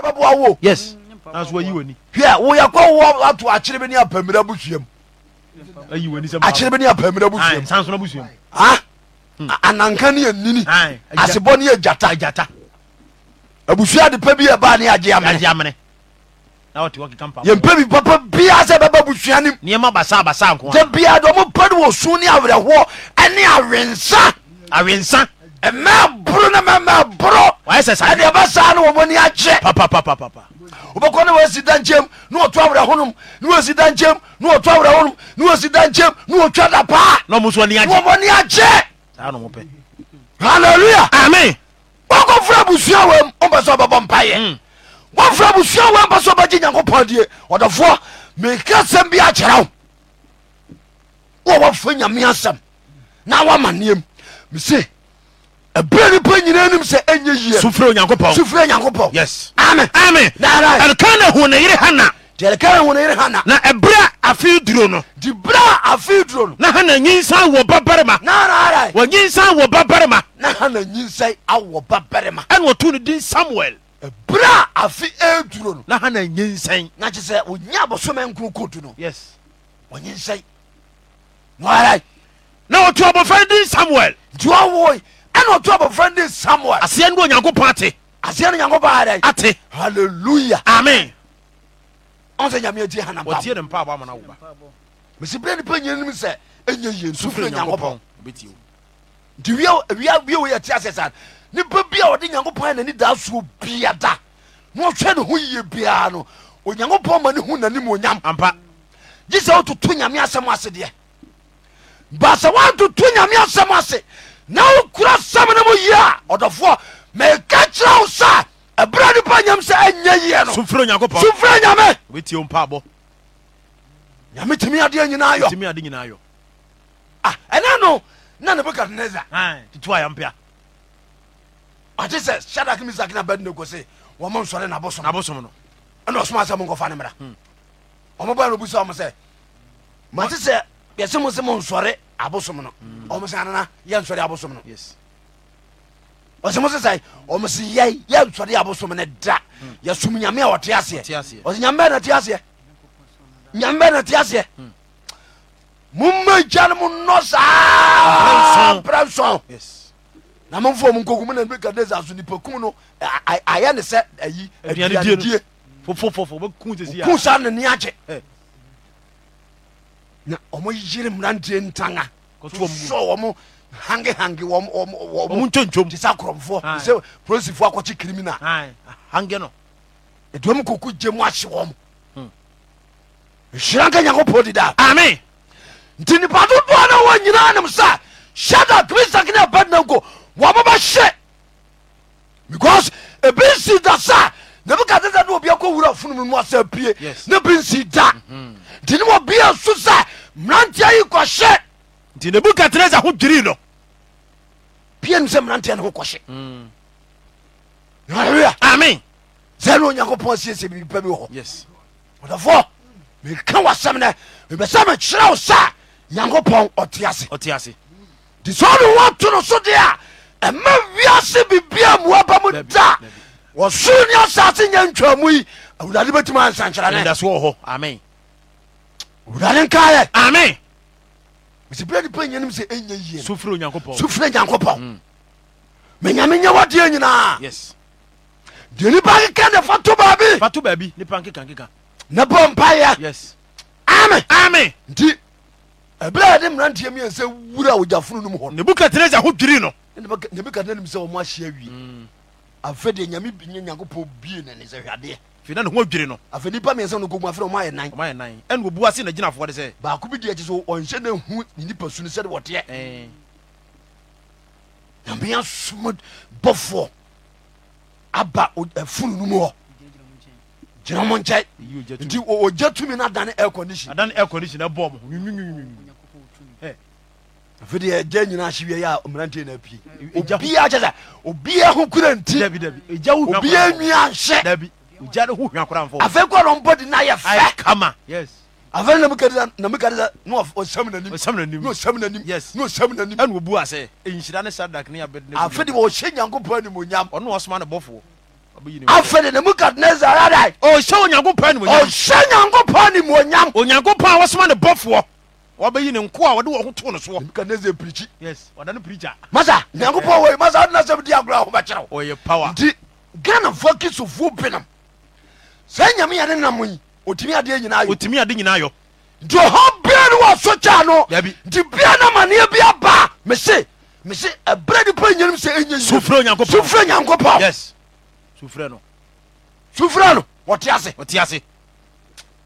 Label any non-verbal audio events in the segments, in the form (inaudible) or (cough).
bɛboa wo yes nanso ayi wani hwɛ woyɛkɔ wo ato akyere bi ne apamira busuam ayi wani sɛ akyere bi ne apamira busuam sansona busuam ha ananka ne yɛnini asebɔ ne yɛ gyata gyata abusua de pa bi ɛbaa ne agye amene yɛmpɛ bi papa biaa sɛ bɛba busua nem nneɛma basa basa nko sɛ biaa de ɔmo pɛ de wɔ su ne awerɛhoɔ ɛne awensa awensa mɛ boro na mɛ mɛ boro ɛde ɛbɛsaa ne wɔbɔni akyɛ wobɛkɔ ne wɔasi da nkyɛm ne wɔto awerɛ honom ne wɔasi da nkyɛm ne wɔto awerɛ honom ne wɔasi da nkyɛm ne wɔtwa da paa wɔbɔni akyɛ halleluya amen wɔkɔfra abusua wɔ m ɔmpɛ sɛ ɔbɛbɔ mpayɛ wɔfra abusua wɔ mpɛ sɛ ɔbɛgye nyankopɔn die ɔdɔfoɔ meka sɛm bi akyerɛ wo wɔ wɔfa nyame asɛm na wɔama nneɛm mese ɛberɛ nipa nyina nim sɛ ɛnyɛ yiesufrɛ onyankopɔnsufrɛ onyankopɔn yes ame ame ɛlkana hu ne yere hana nti ɛlkana hu ne yere hana na ɛberɛ afei duro no nti berɛ afei duro no na hana nyinsan wɔ babarima nararai wɔnyinsan wɔ babarima na hana nyinsan awɔ babarima ɛne wɔto no din samuel ɛberɛ afe ɛduro no na hana nyinsan na kye sɛ ɔnya abɔsoma nko kodu no yes ɔnyinsan nararai na wɔto abɔfra din samuel nti wɔwoi ɛna ɔto abɔfra ne samuel aseɛ no onyankopɔn ate aseɛ no nyankopɔn adɛ ate Hallelujah, amen ɔn sɛ nyame ati hanaba ne mpaabɔ amana wo ba mesi berɛ nipa nyinanim sɛ ɛnya yie nsufrɛ nyankopɔn nti wiawiewo yɛte asɛ saa nipa bi a ɔde nyankopɔn anani daa soɔ bia da na ɔhwɛ ne ho yie biara no onyankopɔn ma ne hu nanim onyam ampa gye sɛ wototo nyame asɛm ase deɛ ba sɛ woantoto nyame asɛm ase na wokura sɛm no mu yie a ɔdɔfoɔ meka kyerɛ wo sa ɛberɛ nipa nyam sɛ ɛnyɛ yie nosomfrɛ nyame nyame tumi adeɛ nyinaa yɔ ah, ɛna no na nebukadnezar ɔte sɛ shadak misak na abednego se wɔmo nsɔre nabosom ɛna ɔsoma sɛ monkɔfa no mmra ɔmobaa no obu sɛ ɔmo sɛ mate sɛ yɛse mo se mo nsɔre abosom no mm. ɔmo se anana yɛ nsɔre abosom no ɔse mo se sɛ ɔmo se yɛ yɛ nsɔre abosom no da mm. yɛsom nyame a ɔte aseɛ ɔse nyame bɛɛ na te aseɛ nyame bɛɛ na te aseɛ mm. momma gya no mo nnɔ saa mprɛ nson na momfo mu nkokum na nebukadnezar so nipakum no ayɛ ne sɛ ayi aduanedie ku sa ne ne agye na ɔmo yere mmeranteɛ ntanga sɔ wɔmo hangehange wɔmo ntwontwom te sɛ akorɔmfoɔ te sɛ polisifoɔ akɔkye criminal hange no aduom kɔku gye mu ahye wɔm hmm. nhyira nka nyankopɔn di daa ame nti nnipa dodoɔ no wɔ nyinaa nem sɛ shadak misak ne abednego wɔmo bɛhye because ebi nsi da sa nebukadnezar ne obiakɔ wura afonom no asɛ pie ne bi nsi da mm-hmm. nti ne bia su sɛ mmeranteɛ yi kɔhye nti ho no pia nim sɛ mmeranteɛ amen sɛne onyankopɔn asiesie biribi bi Otiasi hɔ ɔdɔfoɔ meka wasɛm nɛ mekyerɛ wo nyankopɔn ɔte ase nti sɛ no so deɛ a ɛma wiase bibia da was ne asase nya mu yi awurade bɛtumi ansankyerɛ ne amen wurade nkayɛ ame mesibirɛ nipa nyanim sɛ ɛnya yie sufrɛ onyankopɔn sufrɛ nyankopɔn mm. menyame nyɛ wadeɛ nyinaa deɛ nipa keka ne fa to baabi fa to baabi nipa nkeka nkeka na bɔ mpayɛ ame ame nti ɛberɛ yɛde mmeranteɛ miɛnsɛ wura ogyafono nom hɔ nebukadnezar ho dwiri no nebukadnezar nim sɛ ɔmo ahyia wie mm. afɛ deɛ nyame nyankopɔn bie nane sɛ hwadeɛ fi na ne ho adwiri no afei nipa miɛnsa no kogu afei na ɔmo ayɛ nan ɔmo ayɛ nan ɛna obu ase na gyina afɔ de sɛ baako bi di akyi so ɔnhyɛ na hu ne nipa su no sɛde wɔteɛ nyame asoma bɔfoɔ aba eh, funu no mu hɔ gyina mo nkyɛn nti ɔgya tumi no adane air condition adane air condition ɛbɔ mo afei deɛ ɛgya nyinaa ahye wie yɛ a mmeranteɛ no apue obiaa kyɛ sɛ obiaa ho kura nti obiaa nwia nhyɛ ogya ne ho hwa koramfo afei kɔ no mbɔde no ayɛ fɛ kama yes afei namukadesa na ɔsam ɔsam n'anim. nanimsam Yes. n'osam n'anim ɛne wɔbu ase nhyira ne sadak ne afei abɛdne de wɔhyɛ nyankopɔn animonyam ɔno na ɔsoma ne bɔfoɔ ɔbɛyi ne afei de namukadnesa radae ɔhyɛ onyankopɔn animonyam ɔhyɛ nyankopɔn animonyam onyankopɔn a wɔsoma ne bɔfoɔ wɔbɛyi ne nko a wɔde wɔ ho too no soɔ namukadnesa pirikyi yes ɔda no pirikya masa nyankopɔn wei masa wode nasɛm di agorɔ a wobɛkyerɛw ɔyɛ power nti ghanafoɔ kisofoɔ binom sɛ nyame yɛne nam yi ɔtumi adeɛ nyinayɔ ɔtumi ade nyinaa yɔ nti ɔhɔ bia no wɔ so kya no nti bia na maneɛ bi aba a, mese mese ɛberɛ nipa nyanom sɛ ɛnya sufrɛ onyankopɔn sufrɛ no sufrɛ no wɔte ase ɔte ase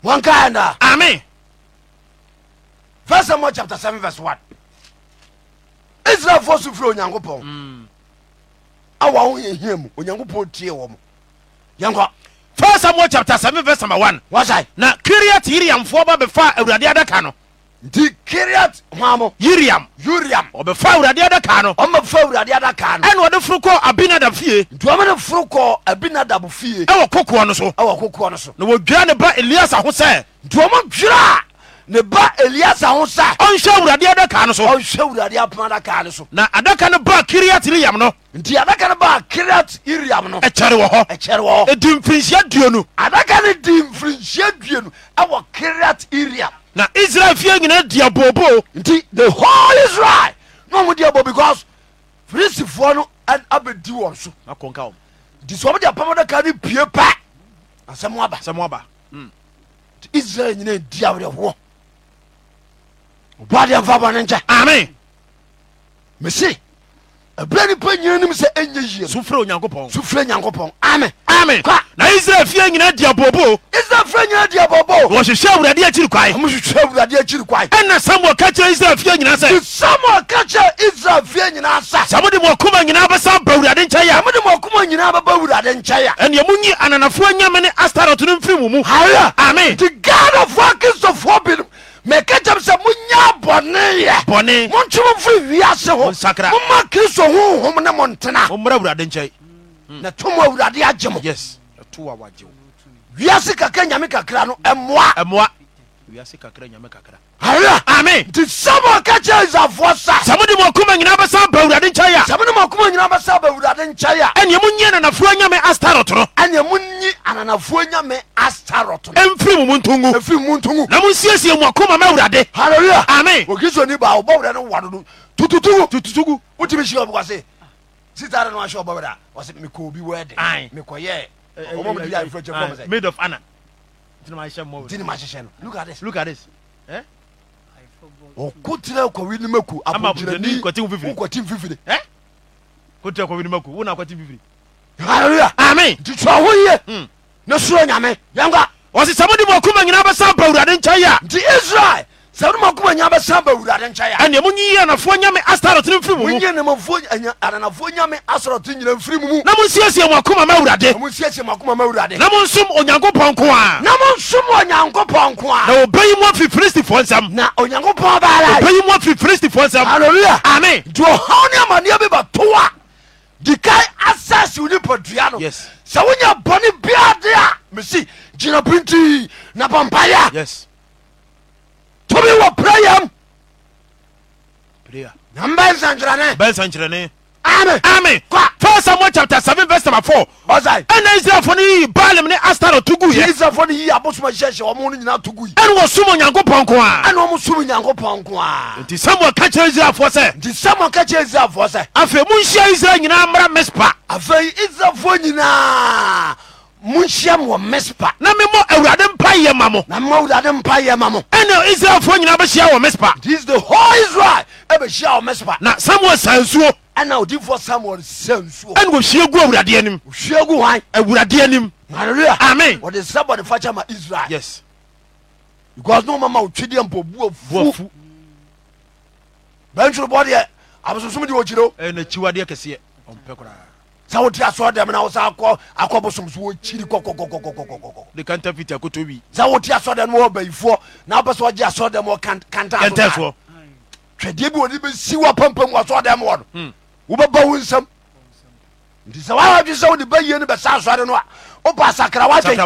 wɔnkaɛ naa ame first samuel chapter 7 vs 1 israelfoɔ sufrɛ onyankopɔn mm. awa wo yɛhia mu onyankopɔn tie wɔ mo yɛnkɔ first samuel chapter seven verse number one. wasaɛ. na kiriat yiriamfoɔ ba bɛfa awurade adaka no. nti kiriat hwamu. yiriam. yiriam. ɔbɛfa awurade adaka no. ɔn bɛ fa awurade adaka no. ɛna ɔde furu kɔ abinadab fie. ntoma de furu kɔ abinadab fie. ɛwɔ kokoɔ no so. ɛwɔ kokoɔ no so. na wɔdwira ne ba elias ahosɛ. ntoma dwira ne ba eliasa ho sa ɔnhyɛ awurade adaka no so ɔhyɛ awurade apoma adaka no so na adaka no baa kiriat ne yam no nti adaka no baa kiriat iriam no ɛkyɛre wɔ hɔ ɛkyɛre wɔ hɔ ɛdi mfirinhyia duonu adaka no di mfirinhyia duonu ɛwɔ kiriat iriam na israel fie nyinaa di abooboo nti the whole israel no ɔmo di abo because filistifoɔ no abɛdi wɔn so akɔnka wɔn nti sɛ di de apam adaka no pie pa asɛm aba asɛm aba israel nyinaa di awerɛhoɔ obadeɛ mfa bɔne nkyɛ ame mese ɛberɛ nipa nyina nim sɛ ɛnyɛ yie sufrɛ onyankopɔn sufrɛ nyankopɔn ame ame na israel fie nyina di abobo israel fie nyina di abobo wɔhyehyɛ awurade akyiri kwae ɔmohyehyɛ awurade akyiri kwae ɛna samuel ka kyerɛ israel fie nyina sɛ samuel ka kyerɛ israel fie nyina sa sɛ mode mo akoma nyinaa bɛsa ba awurade nkyɛe a mode mo akoma nyinaa bɛba awurade nkyɛe a ɛneɛ monyi ananafoɔ nyame ne astarot no mfiri mo mu haya ame nti gadafoɔ akristofoɔ binom mɛka kyɛm sɛ monya bɔneyɛ bɔne montwe mo mfiri wiase ho sakra moma kristo honhom ne mo ntena mommra awurade nkyɛn hmm. na to awurade agye mo yes wiase kakra nyame kakra no ɛmmoa ɛmmoa wiase kakra nyame kakra halleluya ami nti sábà kẹ́kẹ́ ìzàfọ́ sá. sàmúdì mọ̀ kúmọ̀ nyina bẹ́ sá bẹ̀ wúradì nkyɛn yà. sàmúdì mọ̀ kúmọ̀ nyina bẹ́ sá bẹ̀ wúradì nkyɛn yà. ɛnìyɛ mu nyi ananafuo nyame astarot no. ɛnìyɛ mu nyi ananafuo nyame astarot no. ɛnfiri mu ntungu. ɛnfiri mu ntungu. na mu nsiesie mu ɔkúmọ̀ mɛ wúradì. halleluya ami. òkìsọ ní bá ọbọ wúradì wà dodo tututugu. tututugu. wọ́n ti mi si ọ sitare no ahyɛ ɔbɔwɛda ɔsɛ mekɔ obi wɛde mekɔyɛ ɔmɔmde yɛ mfrɛ kyɛ fɔm made of Anna tini maa hyehyɛ mɔwura tini maa hyehyɛ no look at this look at this ɛ. ɔko tira kɔwi ni ma ku abotire kɔti nfifiri kɔti nfifiri ɛ ko tira kɔwi ni ma ku wo na kɔti nfifiri. hallelujah amen ntutu awo yie ne suro nyame yanka. wɔsi sɛ mo de bɔ kuma nyinaa bɛ sá bawurade nkyɛn yá. nti israel sɛ wone makoma nya bɛsan ba awurade nkyɛe a ɛneɛ monyiyi anafoɔ nyame astarot no mfiri mo mu monyi nemafoɔ ananafoɔ nyame asarɔto nyina mfiri mu mu na monsiesie mo akoma ma awurade monsiesie makoma ma awurade na monsom onyankopɔn nko a na monsom onyankopɔn nko a na ɔbɛyi mo afi filistifoɔ nsɛm na onyankopɔn baalaɔbɛyi mo afi filistifoɔ nsɛm aleluya ame nti ɔhaw ne amanneɛ bi bɛto a dikae asase wo nipadua no sɛ wonya bɔne biade a mesi gyina pintii na bɔmpayɛ tumi wɔ prayam namba nsankyerɛne bɛnsa nkyerɛne ami ami kwa first samuel chapter seven verse number four ɔsai ɛna israelfo no yiyi baalim ne astaro tugu yɛ israelfo no yiyi abosoma hyɛhyɛ tugu yi ɛna wɔsum onyankopɔn nko a ɛna wɔn sum onyankopɔn nko a nti samuel ka kyerɛ israelfoɔ sɛ nti samuel ka afei mu israel nyinaa mmara mespa afei israelfoɔ nyinaa monhyia m wɔ mispa na memmɔ awurade mpa yɛ ma mo na mma awurade mpa yɛ ma mo ɛne israelfoɔ nyinaa bɛhyia wɔ mispa this the whole israel ɛbɛhyia wɔ mispa na samuel sa nsuo ɛna odifoɔ samuel sa nsuo ɛne wɔhyia gu awurade anim hyia gu hwan awurade anim hallelujah amen wɔde sɛ bɔde fakyɛ ma israel yes because no ne wɔmama wotwedeɛ mpɔ bua fu bɛntworo bɔdeɛ abosonsom de wɔkyirɛ ɛnakyiwadeɛ kɛseɛ ɔmpɛ koraa sɛ wote asɔ dɛm na wo sa akɔ akɔ bosom so wɔkyiri kɔkɔkɔkɔkɔkɔkɔ sɛ wote asɔ dɛm wɔ bayifoɔ na wopɛ sɛ wɔgye asɔ dɛm wɔ kantasoɔ twɛdeɛ bi wɔde bɛsi wɔ pampam wɔ asɔ dɛm wɔ no wobɛba hmm. wo nsɛm nti sɛ woawadwe sɛ wode bayie no bɛsa asɔre no a wopa asakra woadwen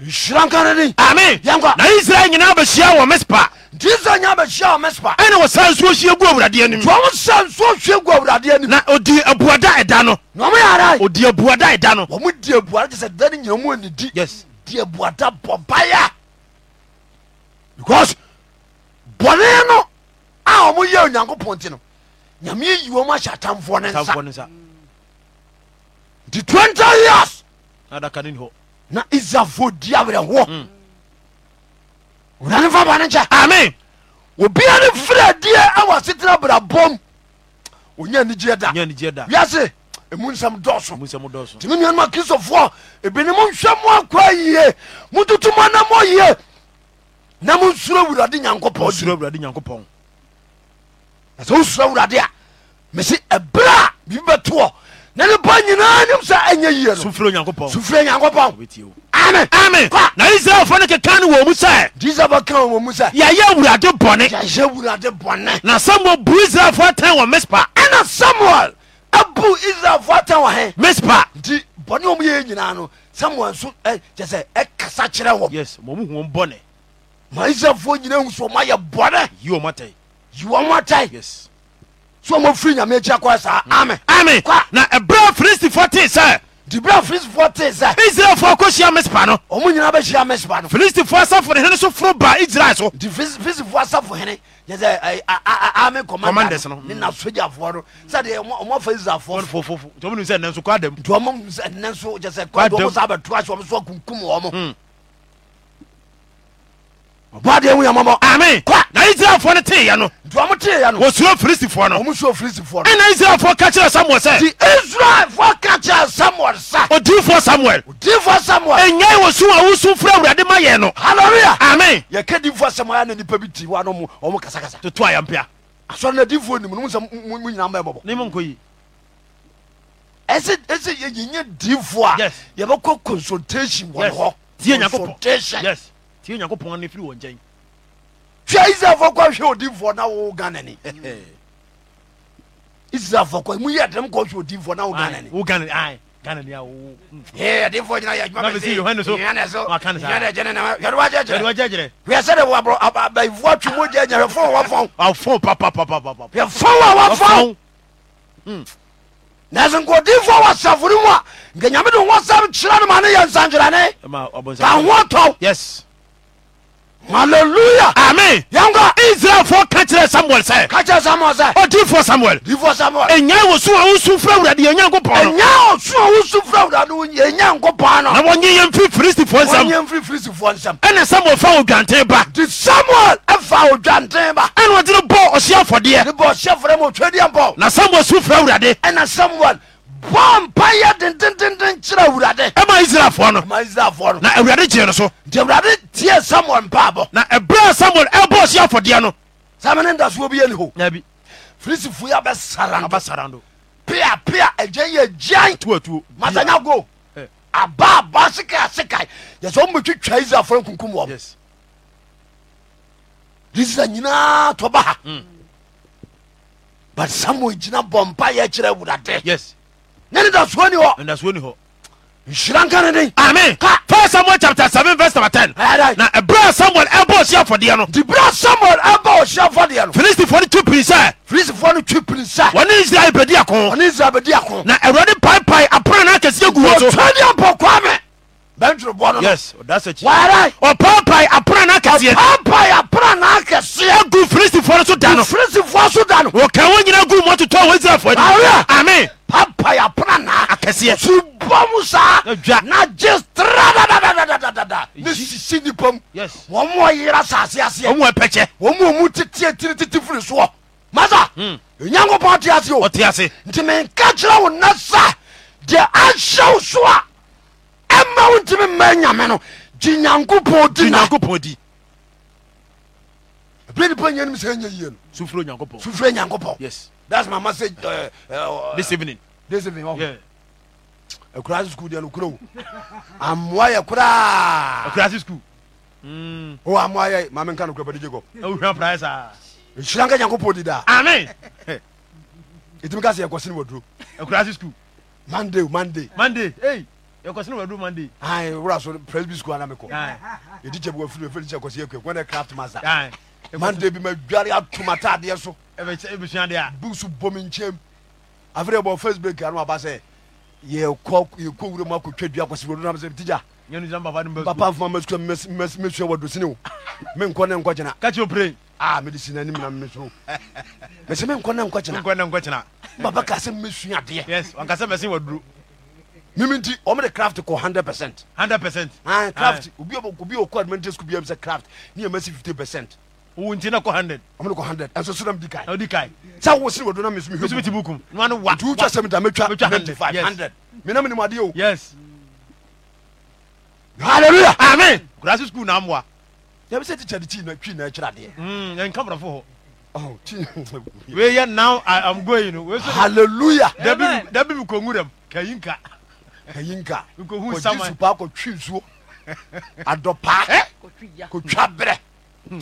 nhyira nka no de ame yɛnkɔ na israel nyinaa bɛhyia wɔ mespa ntisa nya bɛhyia mespa ɛne wɔsa nsuo hyia gu awurade anim tuɔmo sa nsuo hwie gu awurade anim na ɔdi abuada ɛda no na ɔmo yɛara ɔdi abuada ɛda no ɔmo di abuada kyɛ sɛ da no nyina mu anidi yes di abuada bɔbaya because bɔne no a ɔmo yɛ onyankopɔn nti no nyame yi wɔm ahyɛ atamfoɔ ne nsa nti 20 years na Israelfoɔ di awerɛhoɔ mm wurade fa bɔne nkyɛ ame obia ne mfiri adiɛ awɔ asetena brabɔm onya anigyeɛ da wiase ɛmu nsɛm dɔso tumi nuanom a kristofoɔ ebini mo nhwɛ mo akora yie mototo mo ana mo yie na monsuro awurade nyankopɔn na sɛ wosuro awurade a mese ɛberɛ a biribi bɛtoɔ na nipa nyinaa nim sɛ ɛnyɛ yie nosufrɛ onyankopɔn sufrɛ nyankopɔn ami na israelfoɔ no keka ne wɔ mu sɛ disaba ka wɔ mu sɛ yɛyɛ awurade bɔne yɛyɛ awurade bɔne na samuel bu israelfoɔ atɛn wɔ mispa ɛna samuel abu israelfoɔ atɛn wɔ he mispa nti bɔne ɔm yɛyɛ nyinaa no samuel nso kyɛ sɛ ɛkasa kyerɛ wɔ mɔmu hu bɔne ma israelfoɔ nyina hu sɛ ɔmayɛ bɔne yi ɔmatɛ yi Yes so mofiri nyame akyi akɔ saa amen amen na ɛberɛ filistifoɔ tee sɛ nti berɛ filistifoɔ tee sɛ israelfoɔ kɔhyia mespa no ɔmo nyinaa bɛhyia mespa no filistifoɔ asafo ne hene so foro ba israel so nti filistifoɔ asafo hene yɛsɛ army commanders no ne na sogyafoɔ no sɛdeɛ ɔmɔfa israelfoɔ nti ɔmo sɛ nnɛ nso kɔ adam nti ɔmo nnɛ nso kyɛ sɛ kɔdɔmo saa bɛtoa hyɛ ɔmo so akunkum wɔ mo hmm ɔbɔdeɛ hu yamɔbɔ ami kɔ na israelfoɔ no teeɛ no duamu teeɛ no wɔsuro filistifoɔ no wɔmusuro filistifoɔ no ɛna israelfoɔ ka kyerɛ samuel sɛ ti israelfoɔ ka kyerɛ samuel sa odiifoɔ samuel odiifoɔ samuel ɛnyɛ wɔ sun a wusu fura awurade ma yɛ no hallelujah ami yɛkɛ diifoɔ samuel ana nipa bi ti wa no mu ɔmu kasakasa tutu a yɛn asɔre na diifoɔ nimu numu sɛ mu nyinaa mɛ bɔbɔ ne mu nkɔ yi ɛsɛ ɛsɛ yɛ yɛ diifoɔ a yɛbɛkɔ consultation wɔ hɔ consultation yes tie nyankopɔn no firi wɔ nkyɛn hwɛ israelfoɔ kɔ hwɛ odifoɔ na wo ganani israelfoɔ kɔ mu yɛ dɛm kɔ hwɛ odifoɔ na wo ganani wo ganani ganani mm. awo ɛdifoɔ gyina yɛ adwuma bɛ se yohane so yohane so yohane gyene na yɛrewa gyɛgyerɛ yɛrewa gyɛgyerɛ wiɛ sɛ de wɔ aborɔ abayifoɔ atwi mu gyɛ nyɛ yɛfɔn wɔ fɔn afɔn papapapapa yɛfɔn wɔ wɔ fɔn nanso nka odiifoɔ wɔ asafo no mu a nka nyame de wɔsɛm kyerɛ no ma ne yɛ nsankyerɛne ka ho tɔw yes hallelujah amen yanko Israel ka kyerɛ samuel sɛ ka kyerɛ samuel sɛ odiifoɔ samuel diifoɔ samuel ɛnya wɔ so a wosu fra awurade yɛ nyankopɔn no ɛnya ɔso a wosu fra awurade wo yɛ nyankopɔn no na wɔnye yɛn firi filistifoɔ nsɛm wɔnye yɛn firi filistifoɔ nsɛm ɛna samuel fa odwanten ba nti samuel ɛfa e odwanten ba ɛna ɔde no bɔ ɔhye afɔdeɛ ne bɔ ɔhye afɔdeɛ ma otwadeɛ bɔ na samuel su fra awurade ɛna samuel bɔ mpa yɛ dendendenden kyerɛ awurade ɛma israelfoɔ no ma israelfoɔ no na awurade gyee no so nti awurade tie samuel mpaabɔ na ɛberɛ a samuel ɛbɔɔ si afɔdeɛ no sɛme ne ndasoɔ bi yɛ ne ho nabi filisifoɔ yi abɛsara no pia pia agyan yɛ gyan tuatuo masanya go abaaba sekae sekae yɛ sɛ wombɛtwitwa israelfoɔ no kunkum wɔ israel nyinaa tɔba ha mm. but samuel gyina bɔ mpa yɛ kyerɛ awurade yes ne nedasoɔ ni hɔ ndasoɔ ni hɔ nhyira nka ne den amen first samuel chapter seven verse number ten na ɛbrɛ samuel ɛbɔ ɔsi afɔdeɛ no nti brɛ samuel ɛbɔ ɔsi afɔdeɛ no filistifoɔ no twi piri sɛ filistifoɔ no twi piri sɛ wɔne israel bɛdi ako wɔne israel bɛdi ako na awurade paipai aprana akɛseɛ gu wɔ so wɔtwɛne abɔ kwame bɛntwerɛboɔ no yes ɔda sɛ kyi wɔare ɔpaipai aprana akɛseɛ ɔpaipai aprana mana kɛseɛ gu filistifoɔ no so da no filistifoɔ so da no wɔka wɔ nyina gu mɔ totɔ wɔ israelfoɔ ni ame papa yɛpena naa akɛseɛ subɔ mu saa na gye stradadadadadadada ne sisi nipa mu wɔn mu ɔyera saase aseɛ wɔn mu ɛpɛkyɛ wɔn mu ɔmu teteɛ tirititi firi soɔ masa hmm. onyankopɔn ɔte ase o ɔte ase nti menka kyerɛ wo nna sa deɛ ahyɛ wo so a ɛma wo ntimi mma nyame no gye nyankopɔn di nyankopɔn di bere nipa yɛ nim sɛ ɛnyɛ yie no sufuro nyankopɔn sufuro nyankopɔn yes that's my message uh, uh, this evening this evening ɔhɔ yeah. akurase school deɛ no kuro amoa yɛ koraa akurase school mm. o oh, amoa yɛ maame nka no kura bɛde oh, jacob ɔhwɛ pra ah. sa nhyira nka nyankopɔn di daa amen ɛtumi ka sɛ yɛkɔsene waduro akurase school monday oh, monday monday hey yɛkɔsene waduro monday ai so presby school ana mekɔ yɛdi kyɛ bɛwafiri fɛdi kyɛ kɔnɛ craft master manda bi madware atom atadeɛ so busu bomi nkyɛm afei bɔ facebook ano aba sɛ yɛkɔ wura mu akɔtwa dua kɔsibronamsɛ tigya papa foma masua mesua wadosine o (laughs) menkɔ ne nkɔkyena kakyopre a mede si nanim na mesoro (laughs) mesɛ menkɔ ne nkɔkyena baba ka sɛ mesua adeɛ wankasɛ mɛse waduro mimi nti ɔmede craft kɔ 100 percent 100 percent ah, craft ah. obi ɔkɔ admantis ko biam sɛ craft ne yɛmasi 50 percent wo nti na kɔ hundred ɔmo ne kɔ hundred ɛso so nam di kae ɔdi kae sɛ wo sini wɔ do na mesumi hwɛ mesumi ti bukum nua no wa nti wotwa sɛ mi da metwa metwa hundred five hundred mina mi ni mu adeɛ o yes hallelujah amen kurasi sukuu na amoa yɛ bi sɛ tikyɛ de kyi hmm, na kyi oh, na kyerɛ adeɛ ɛn kabrafo hɔ wei yɛ now I am going no wei so hallelujah dabi dabi mi kɔ nwuram kayi nka kayi nka kɔ jisu paa kɔ twi nsuo adɔ paa kɔ twa brɛ. Hmm,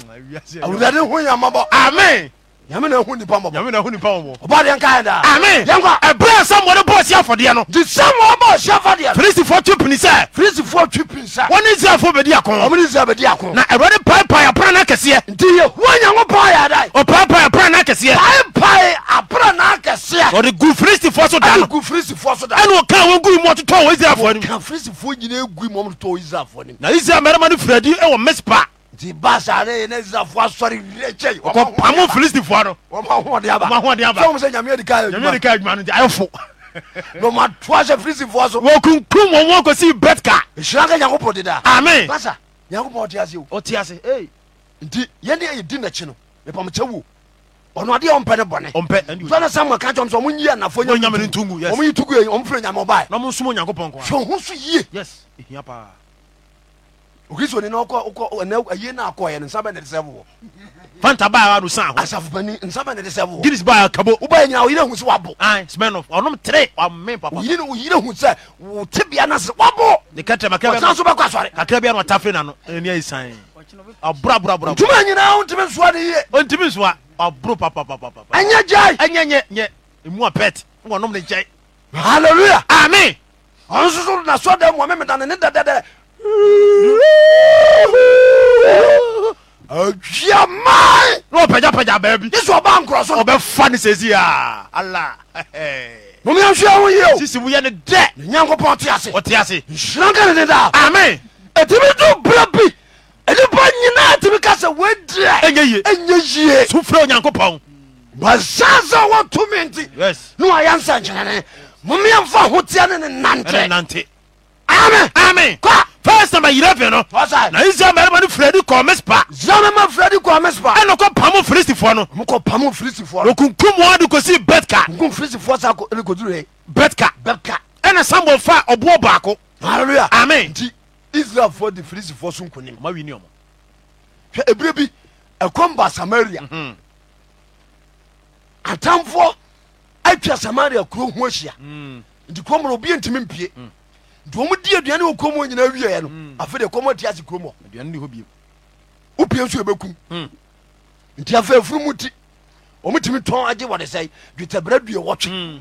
awurade ho yɛ mɔbɔ amen nyame na ɛhu nipa mɔbɔ ɔba deɛ nkaɛ daa amen yɛnkɔ ɛberɛ sɛ mmɔde bɔ ɔsi afɔdeɛ no nti sɛ mmɔ bɔ ɔsi afɔdeɛ filistifoɔ twe pini sɛ filistifoɔ twe pini sɛ wɔne israelfoɔ bɛdi ako ɔmo ne israel bɛdi ako na awurade paapae aprana akɛseɛ nti yɛhoa nyankopɔn yɛ adae ɔpaapae aprana akɛseɛ paapae aprana akɛseɛ ɔde gu filistifoɔ so da no gu filistifoɔ so da ɛne ɔka wɔn guru mu ɔtotɔ wɔ israelfoɔ anim ka filistifoɔ nyinaa gu mu ɔmo totɔ wɔ israelfoɔ anim na israel mmarima no firadi ɛwɔ mespa nti basare ne zafoɔ asɔre kyɛi ɔkɔpamo filistifoɔ nosɛm sɛ nyame adi kayɛdika adwuma no nti ayɛfo nomatoa (laughs) hyɛ filistifoɔ so wɔkunkum wɔn wɔn kɔsi betka ɛhyira nka nyankopɔn deda amen basa nyankopɔn ɔte ase o ɔte ase nti yɛne yɛdi n'akyi no mepamkyɛ wo ɔno adeɛ ɔmpɛ ne bɔne sɛne samuel ka kyɛm sɛ ɔmo yi anafo nyamne tugu ɔmo yi tugu ɔmo firi nyame ɔbaɛ na ɔmo nsom onyankopɔn hwɛ ho so yie yes ɛhia paa okristo ni naɔkɔɛyie na akɔyɛ no nsa bɛ ne de sɛ bowɔ fanta baa wado san ho asafo pani nsa bɛ ne de sɛ bowɔ giris baa kabo wobayɛ nyina woyerɛ hu sɛ wabo smɛno ɔnom tere wame papaoyere hu sɛ wo tebea no se wabo ne kɛtɛmsan so bɛkɔ asɔre kakra bia na ɔtafre na no ani ayi san ɔbrabrabrantuma nyinaa wontimi nsoa de ye ɔntimi nsoa ɔboro papapapa ɛnyɛ gyae ɛnyɛnyɛnyɛ mu a pɛt wɔnom ne gyae halleluya amen ɔnsoso na sɔ dɛ mmɔme medane ne dɛdɛdɛ awia mae na ɔpagyapagya baa bi yesu ɔba nkorɔ so ɔbɛfa ne sɛsi a ala momeahwɛ ho yio sisi woyɛ ne dɛ nyankopɔn te ase ɔte ase nhyira nka ne ne daa amen ɛtumi do bra bi ɛnipa nyinaa tumi ka sɛ wɔadia ɛnyɛ yie ɛnyɛ yie sofrɛ onyankopɔn basa sɛ wɔtumi nti ne wayɛ nsa nkyerɛne momeɛmfa ho teɛ ne ne nante amen amen kɔ first number eleven no na israel mmarima no firadi kɔ mispa israel mmarima firadi kɔ mispa ɛna kɔ pamu filistifoɔ no ɔmu kɔ pamu filistifoɔ no okunkum wɔn de kosi betka okunkum filistifoɔ sa ko ɛna koduru yɛ betka betka ɛna samuel fa ɔboɔ baako hallelujah amen nti israel fɔ de filistifoɔ so nkunim ɔma wini ɔmo hwɛ ebire bi ɛkɔm ba samaria mhm. atamfoɔ atwa samaria kuro ho ahyia mhm. nti kɔmɔ obi ntumi mpie. Mm dɔm di aduane wɔ kurom nyinaa wieɛ no hmm. afei de kɔmɔ ti ase kurom hɔ wopie nso yɛbɛkum hmm. nti afei afunumu ti ɔmotumi tɔn agye wɔde sɛ dwetɛberɛ due wɔtwe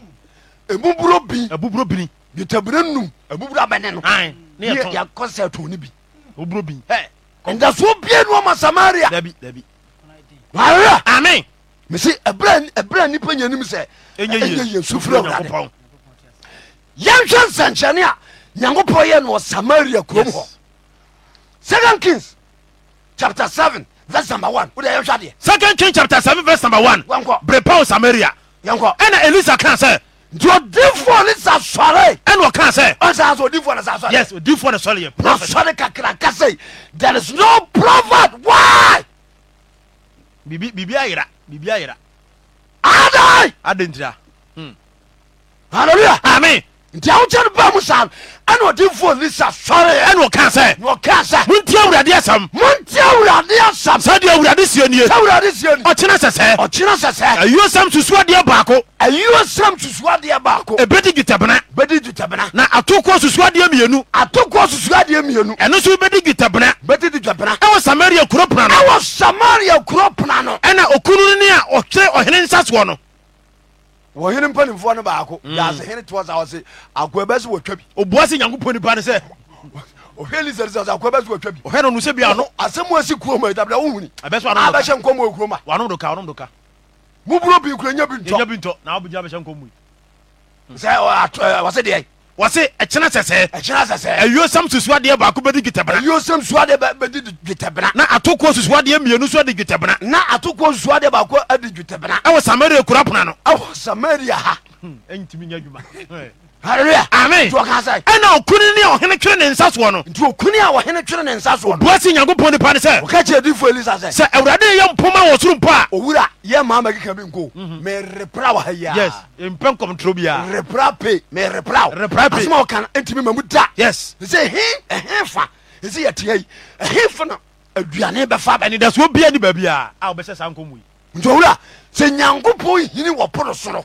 ɛbuburo hmm. bi ɛbuburo bini dwetɛberɛ num ɛbuburo abɛne no yɛkɔ sɛ tɔn no bi ɛbuburo bi ndasoɔ bie no ɔma samaria aleluya amen mesi ɛbrɛ ɛbrɛ nipa nyanim sɛ ɛnyɛ yie sufurɛ wurade yɛnhwɛ nsɛnkyɛnne a nyankopɔn yɛ no samaria kurom hɔ second kings chapter 7 verse number 1 wode yɛhwɛ deɛ second king chapter 7 verse number 1 berɛ paul samaria yɛnkɔ ɛna elisa kaa sɛ nti odifoɔ ne sa sɔre ɛna ɔkaa sɛ ɔsaa sɛ odifoɔ ne sa sɔre yes odifoɔ ne sɔre yɛ prophet sɔre kakra kasɛ there is no prophet why bibi bibi ayera bibi ayera adai adentira hmm. hallelujah amen nti awokyɛ no ba mu saa ɛna ɔde fo lisa sɔre ɛna ɔka sɛ ɔka sɛ montie awurade asɛm montie awurade asɛm sɛdeɛ awurade sie nie sɛ awurade sie nie ɔkyena sɛsɛ ɔkyena sɛsɛ ayuo sam susuadeɛ baako ayuo sam susuadeɛ baako ɛbɛdi dwetɛbena bɛdi dwetɛbena na atokoɔ susuadeɛ mmienu atokoɔ susuadeɛ mmienu ɛno so bɛdi dwetɛbena bɛdi dwetɛbena ɛwɔ samaria kuro pena no ɛwɔ samaria kuro pena no ɛna okunu ne a ɔhwɛ ɔhene nsasoɔ no wɔhene mpanimfoɔ no baako mm. yɛase hene toɔ sa ɔse akoa bɛ sɛ wɔtwa bi ɔboa sɛ nyankopɔn nipa ne sɛ ɔhwɛ lisɛre sɛ akoa bɛ sɛ wɔtwa bi ɔhwɛ no no sɛ bia no asɛm asi kuo ma dabda wohuni abɛhyɛ nkɔmmɔ ɛkuro ma wanomdoka wanomdoka muburo bi kuro nya bi ntɔ nya bi ntɔ na wobɛgya bɛhyɛ nkɔmmui sɛ wɔse eh, deɛ wɔse ɛkyena sɛsɛ ɛkyena sɛsɛ ayuosɛm susuadeɛ baako bɛdi dwetɛbena ayuosɛm susuadeɛ bɛdi dwetɛbena na atokoɔ susuadeɛ mmienu nso di dwetɛbena na atokoɔ susuadeɛ baako adi dwetɛbena ɛwɔ samaria kura pona no ɛwɔ samaria ha hmm, ɛntumi nya juma. (laughs) hallelujah amen nti ɔka sɛ ɛna ɔkuni ne ɔhene twere ne nsa soɔ no nti ɔkuni a ɔhene twere ne nsa soɔ no bua si nyankopɔn nipa ne sɛ ɔka kyerɛ adifo elisa sɛ sɛ awurade yɛ mpoma wɔ soro mpo a owura yɛ maa ma keka bi nko mhm. merepra wɔ ha yia yes mpɛ nkɔmtoro bia repra pe merepra wo repra pe asoma ɔka no ntimi ma mu da yes sɛ ɛhe ɛhe fa ɛsɛ yɛteɛ yi ɛhe fa no aduane bɛfa ɛnidasuo bia ne baabi a a wobɛsɛ saa nkɔmu yi nti owura sɛ nyankopɔn hini wɔ poro soro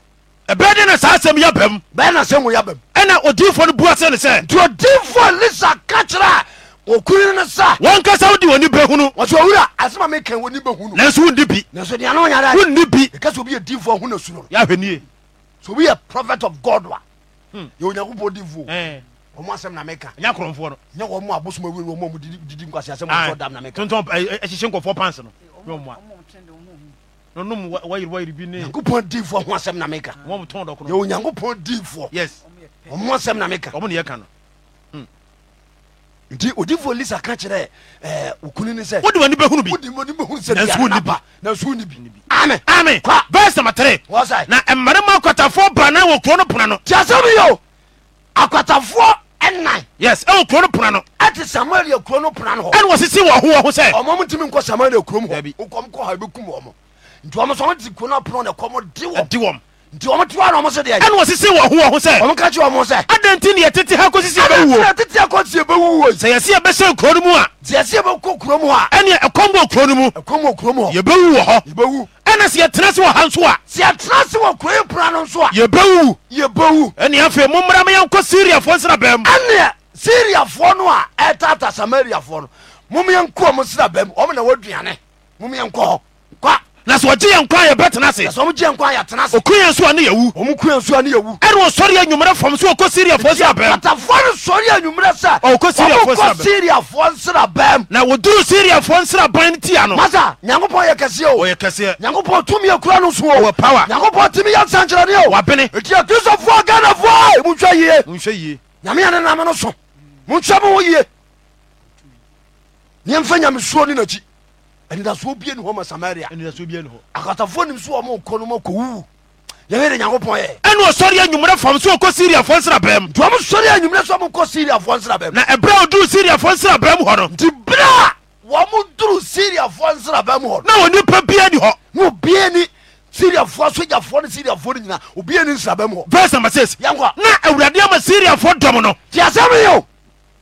ɛbɛɛ de na saa asɛm yɛ bɛm bɛɛ na sɛ wo yɛ bɛm ɛna odiyifoɔ no bua se sɛ nti odiyifoɔ lisa ka kyerɛ a okuru no sa wɔn kasa wodi wɔn ni bɛhunu wɔsɛ owura asɛm a meka wɔ ni bɛhunu nanso wo nni bi nanso deɛ no nyara wo nni bi ɛka obi yɛ diyifoɔ ho na no no nie sɛ obi yɛ prophet of god wa hmm. yɛ onyankopɔn diyifoɔ ɔmo asɛm na meka ɛnyɛ akorɔmfoɔ no nyɛ wɔn mu abosom awi wɔn mu didi nkwasi asɛm wɔn sɔ dam na meka tontɔn ɛhyehyɛ nkɔfoɔ pants no nonom wayiri wayiri bi ne nyankopɔn diifoɔ ho asɛm na meka wɔn tɔn dɔ kono yɛwɔ nyankopɔn diifoɔ yes ɔmo asɛm na meka ɔmo ne yɛ ka no hmm. nti odiifoɔ lisa ka kyerɛ ɛɛ eh, okuni ni sɛ wodi wani bɛhunu bi wodi wani bɛhunu sɛ diya naba ba na su ni bi ami ami kwa verse number three wɔsai na mmarima akwatafoɔ bana wɔ kuro no pono no tiasa bi yɛ o akwatafoɔ yes ɛwɔ kuro no pono no ɛte samaria kuro no pono no hɔ ɛna wɔsisi wɔ ho wɔ ho sɛ ɔmo ntumi nkɔ samaria kuro mu hɔ nkɔm kɔ ha ebi kum wɔn nti wɔn nso wɔn di ko na pono na kɔm di wɔm di wɔm nti wɔn tiwa na wɔn so deɛ. ɛna wɔsisi wɔn ho wɔn ho sɛ. wɔn ka kyerɛ wɔn sɛ. adanti ni yɛtete ha ko sisi ɛbɛwu wo. adanti yɛ ko sisi ɛbɛwu wo. sɛ yɛsi ɛbɛsɛ kuro no mu a. sɛ yɛsi ɛbɛkɔ kuro mu a. ɛni ɛkɔm bɔ kuro no mu. ɛkɔm bɔ kuro mu hɔ. yɛbɛwu wɔ hɔ. yɛbɛwu. ɛna sɛ yɛtena se wɔ ha nso a. sɛ yɛtena se wɔ kuro yi pura no nso a. yɛbɛwu. yɛbɛwu. ɛni afei mo mmara mi yɛn kɔ siriafoɔ nsira bɛn mu. ɛni siriafoɔ no a ɛtata samariafoɔ no mo mi yɛn kɔ mo nsira bɛn mu wɔn na wɔ aduane mo mi yɛn kɔ hɔ kɔ a na sɛ ɔgye yɛ nkwa yɛbɛtena se sɛ ɔmogye nkwa yɛtena se ɔku yɛn so a ne yɛwu ɔmo ku yɛn so a ne yɛwu ɛne ɔsɔre anwummerɛ fam so ɔkɔ siriafoɔ sɛ abɛm atafoɔ no sɔre anwummerɛ sɛ ɔkɔ siriafoɔ siriafoɔ nsera bɛm na wɔduru siriafoɔ nsera ban no tia no masa nyankopɔn yɛ kɛseɛ o ɔyɛ kɛseɛ nyankopɔn tumi yɛ kura no so o wɔ power nyankopɔn tumi yɛ nsankyerɛne o wabene ɛti yɛ kristofoɔ ghanafoɔ ɛmu nhwɛ yie nhwɛ yie nyame yɛ ne nam no so monhwɛ mo ho yie neɛmfa nyamesuo ne n'akyi anidasoɔ bie ne hɔ ma samaria akatafoɔ nim so ɔma ɔkɔ no ma kɔwu yɛhwɛde nyankopɔn yɛ ɛne ɔsɔre anwummerɛ fam so ɔkɔ siriafoɔ nsrabɛm nti ɔmo sɔre anwummerɛ so ɔmokɔ siriafoɔ nsrabɛm na ɛberɛ a ɔduru siriafoɔ nsrabɛm hɔ no nti berɛ a wɔmo duru siriafoɔ nsrabɛm hɔ na onipa bia ni hɔ na obia ni siriafoɔ sogyafoɔ ne siriafoɔ no nyina obia ni nsrabɛm hɔ vers number six yɛnkɔ na awurade ama siriafoɔ dɔm no nti asɛm yo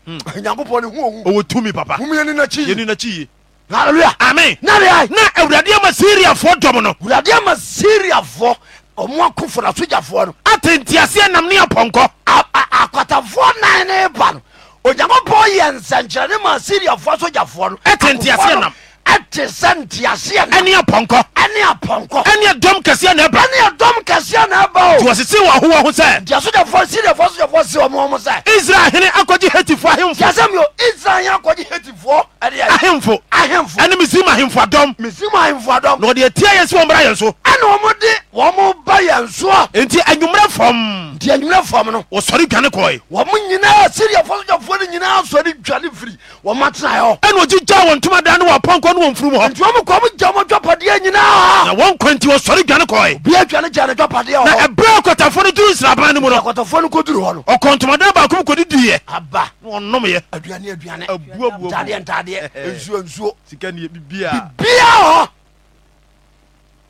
nyankopɔn ne hu ɔhu ɔwɔ tumi papa humiɛni nakyiyi hallelujah amen na de ayi na awurade ama siriafoɔ dɔm no wurade ama siriafoɔ ɔmo akofora sogyafoɔ no ate nteaseɛ nam ne apɔnkɔ akwatafoɔ nan ne ba no onyankopɔn yɛ nsɛnkyerɛne ma siriafoɔ sogyafoɔ no ɛte nteaseɛ nam ɛte sɛ nteaseɛ no ɛne apɔnkɔ ɛne apɔnkɔ ɛne ɛdɔm kɛseɛ na ɛba ɛne ɛdɔm kɛseɛ na ɛba o wɔsese wɔ ahoɔ ho sɛ ntiasodafoɔ sidafoɔ sodafoɔ se ɔmo ɔmo sɛ israel hene akɔgye hetifoɔ ahemfo tiasɛ mio israel hene akɔgye hetifoɔ ɛdeɛ ahemfo ahemfo ɛne mesim ahemfo adɔm mesim ahemfo adɔm na wɔde atia yɛ sɛ wɔmmra yɛn so ɛne ɔmo de wɔmo ba yɛn so a enti anwummerɛ fam nti anwummerɛ fam no wɔsɔre dwane kɔe wɔmo nyinaa siri sodafoɔ no nyinaa sɔre dwane firi wɔmatena hɔ ɛne ɔgyegyaa wɔ ntomadan no wɔ apɔnkɔ ne wɔmfurum hɔ nti wɔm kɔ mo gya mo dwapadeɛ nyinaa na wɔnkɔ nti wɔsɔre dwane kɔe bia dwane gya ne dwapadeɛ na ɛberɛ akɔtafoɔ no duru nsraban no mu no akɔtafoɔ no kɔduru hɔ no ɔkɔntomadan baako m kɔdidiiɛ aba na wɔnomyɛ aduane aduane abuabuadadeɛ ntadeɛ (laughs) nsuo nsuo sika ne bibia bibia hɔ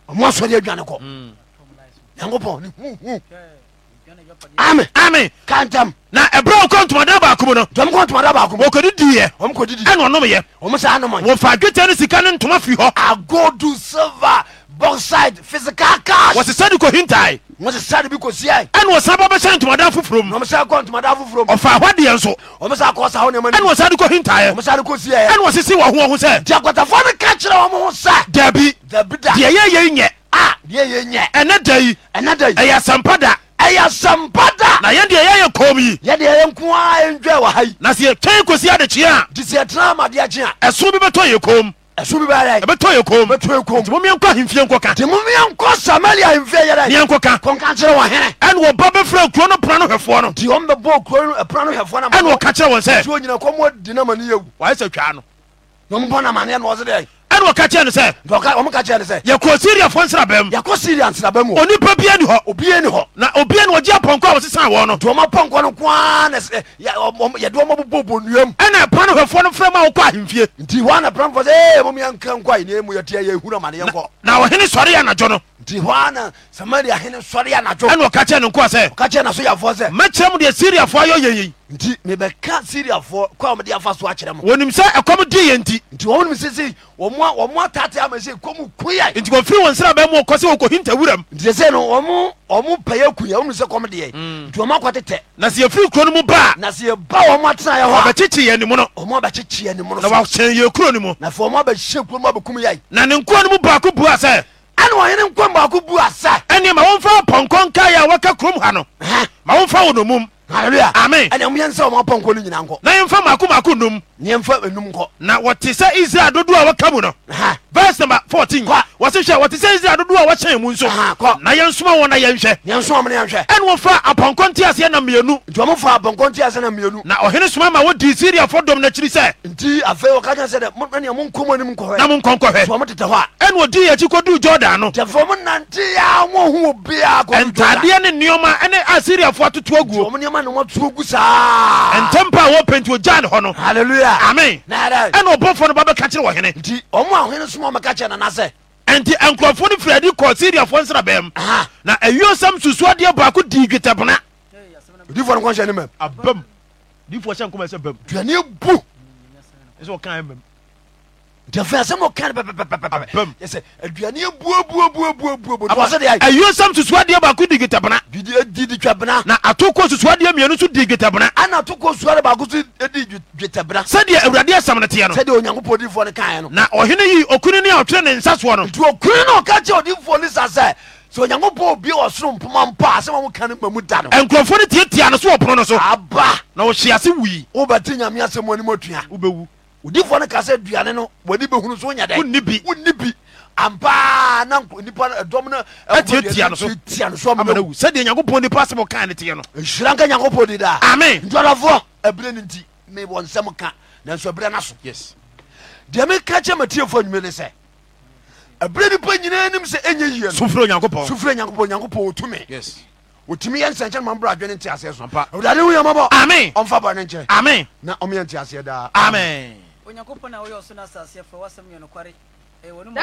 ɔmo asɔre adwane kɔ hmm. nyankopɔn ne huhu ami ami kantam na ɛberɛ wokɔ ntomadan baako mu no dɔm kɔ ntomadan baako mu wɔkɔdi diiɛ ɔm kɔ didi ɛna ɔnom yɛ ɔm saa nom yɛ wɔfa dwetɛ ne sika ne ntoma fi hɔ agodu silver bauxite physical cash wɔsesa de kɔhintae wɔsesa de bi kɔsiae ɛne wɔsan ba bɛhyɛ ntomadan foforɔ mu ɔmsa kɔ ntomadan foforɔ mu ɔfa hɔ deɛ nso ɔmsa kɔ sa hɔ nneɛma ɛne wɔsan de kɔhintaeɛ ɔmsa de kɔsiaɛ ɛne wɔsisi wɔ ho ho sɛ nti akwatafoɔ no ka kyerɛ wɔn ho sɛ dabi dabi da deɛ yɛyɛ nyɛ a deɛ yɛyɛ nyɛ ɛnɛ da yi ɛnɛ da yi ɛyɛ asɛmpa da ɛyɛ sɛmpa da na yɛdeɛ yɛyɛ kɔm yi yɛdeɛ yɛ nko a ɛndwa wɔ ha yi na sɛ yɛtwɛn kɔsi adekyea a nti sɛ yɛtena amadeɛ kye a ɛso bi bɛtɔ yɛ kom ɛso bi bɛyɛ ɛbɛtɔ yɛ kom bɛtɔ yɛ kom nti momeɛ nkɔ ahemfie nkɔ ka nti momeɛ nkɔ samaria ahemfie yɛdɛ neɛ nkɔ ka kɔnka kyerɛ wɔ hene ɛne wɔba bɛfrɛ kuro no pra no hwɛfoɔ no nti ɔm bɛbɔɔ kuro no pra no hwɛfoɔ no ɛne wɔka kyerɛ wɔn sɛ ɔnyina kɔmmɔ dinama ne yɛwu wayɛ sɛ twaa no na ɔmbɔ namaneɛ na ɔse dɛ ɛne ɔka kyerɛ no sɛ ɔmo ka kyerɛ no sɛ yɛkɔ siriafoɔ syria nsraba mu hɔ onipa bia ni hɔ obia ni na obia ne ɔgye apɔnkɔ a wɔsesan wɔ no nti ɔma pɔnkɔ no koa na sɛ- eh, yɛ- ɔm- yɛde ɔma bobɔ bonuam ɛna ɛpa no hwɛfoɔ no frɛ ma wokɔ ahemfie na ɔhene sɔre yɛ anadwo no nti hɔ ana samaria hene sɔre anadwo ɛne ɔka kyerɛ no nkoa sɛ mu deɛ siriafoɔ ayɛ yɛyei nti mebɛka syriafoɔ kɔ mde afa so akyerɛ mo wɔnim sɛ ɛkɔm di yɛ nti nti wɔn nom sese wɔmo atate ama sɛ kɔm kuyɛ nti wɔfiri wɔn nsra bɛmu ɔkɔ sɛ wɔkɔhinta wuram nti sɛ no ɔmo ɔmo pɛyɛ kuyɛ wɔnom sɛ kɔm deɛ mm. nti wɔm akɔtetɛ na sɛ yɛfiri kuro no mu baa na sɛ yɛba wɔm atenaeɛ hɔ ɔbɛkyekye yɛ ne mu no ɔmo abɛkyekye yɛ ne mu no na wɔhyɛn yɛ kuro no mu na afei ɔmo abɛhyɛ kuro mu abɛkum yɛe na ne nkuro no mu baako bua sɛ ɛne ɔhene nkwa baako bua sɛ ɛneɛ ma wɔmfa apɔnkɔ nkaeɛ a wɔka kurom ha no ma wɔmfa wo nomum hallelujah amen ɛna mo yɛn nsa wɔn apɔnkɔ no nyinaa nkɔ na yɛn fa mako mako num nyɛmfa enum kɔ. na wɔte sɛ israel dodoɔ a wɔka mu no. verse number fourteen. kɔ wɔsi hwɛ wɔte sɛ israel dodoɔ a wɔhyɛn mu nso. kɔ na yɛn suma wɔn na yɛn hwɛ. yɛn suma wɔn na yɛn hwɛ. ɛni wɔn fa apɔnkɔ nti aseɛ na mienu. nti wɔn fa apɔnkɔ nti aseɛ na mienu. na ɔhene suma ma wɔdi syria fɔ dɔm n'akyiri sɛ. nti afei wɔka kyɛn sɛ dɛ mo ɛni mo nkɔmɔ ni mo nkɔhɛ. na mo nkɔ nkɔhɛ. sɔ mo tete hɔ a. ɛni wɔdi yɛkyi kɔdu jordan no. tɛfɔ mo nante ya mo hu obiara kɔ. ntaadeɛ ni nneɛma ɛni asiriafoɔ atutu ogu. wɔn nneɛma ni wɔn tu ogu saa. ntɛmpa a wɔpɛnti o jaa ni hɔ no. hallelujah amen ɛna ɔbɔfoɔ no ba bɛka kyerɛ ɔhene nti ɔmo a ɔhene soma ɔmɛka kyerɛ nana sɛ nti nkurɔfoɔ no firi adi kɔɔ siriafoɔ nsrabɛm na awiosɛm susuadeɛ baako dii dwetɛbena odifoɔ no nkɔhyɛ ne mam abam difoɔ hyɛ nkɔmɛ sɛ bam duane bu ɛsɛ ɔka mam de ɛyɛ sam susuadeɛ baako di getabenana na atoko susuadeɛ mmienu so di getabenasɛdeɛ awurade asɛm no teɛ no na ɔhene yi okunu ne a ɔtwerɛ ne nsa soɔ no onyankopɔn obi ɔsoro mpoma mpa asɛm a woka no ma mu da no nkurɔfoɔ no tiatia no so wɔ pono no so na ɔhye ase wui wobɛte nyame asɛm anim atua wobɛwu odifoɔ no ka sɛ aduane no w'ani bɛhunu so wonya dɛ wonni bi wonni bi ampaa na nipa dɔm no atiatia no so tia no so amana wu sɛdeɛ nyankopɔn nipa asɛm ɔkaa ne teɛ no nhyira nka nyankopɔn di daa amen ntuadafoɔ abirɛ no nti mewɔ nsɛm ka nanso abirɛ no so yes deɛ meka kyɛ matiefoɔ anwuma ne sɛ abirɛ nipa nyinaa nim sɛ ɛnyɛ yie no sofrɛ onyankopɔn sofrɛ onyankopɔn onyankopɔn wɔtumi yes wotumi yɛ nsɛnkyɛ no mabrɛ adwene nteaseɛ so awurade woyɛ mɔbɔ amen ɔmfa bɔ ne nkyɛ amen na ɔmeyɛ nteaseɛ daa amen onyankopɔn a woyɛ ɔso no asase woasɛm yɛ nokware ɛwɔ no mu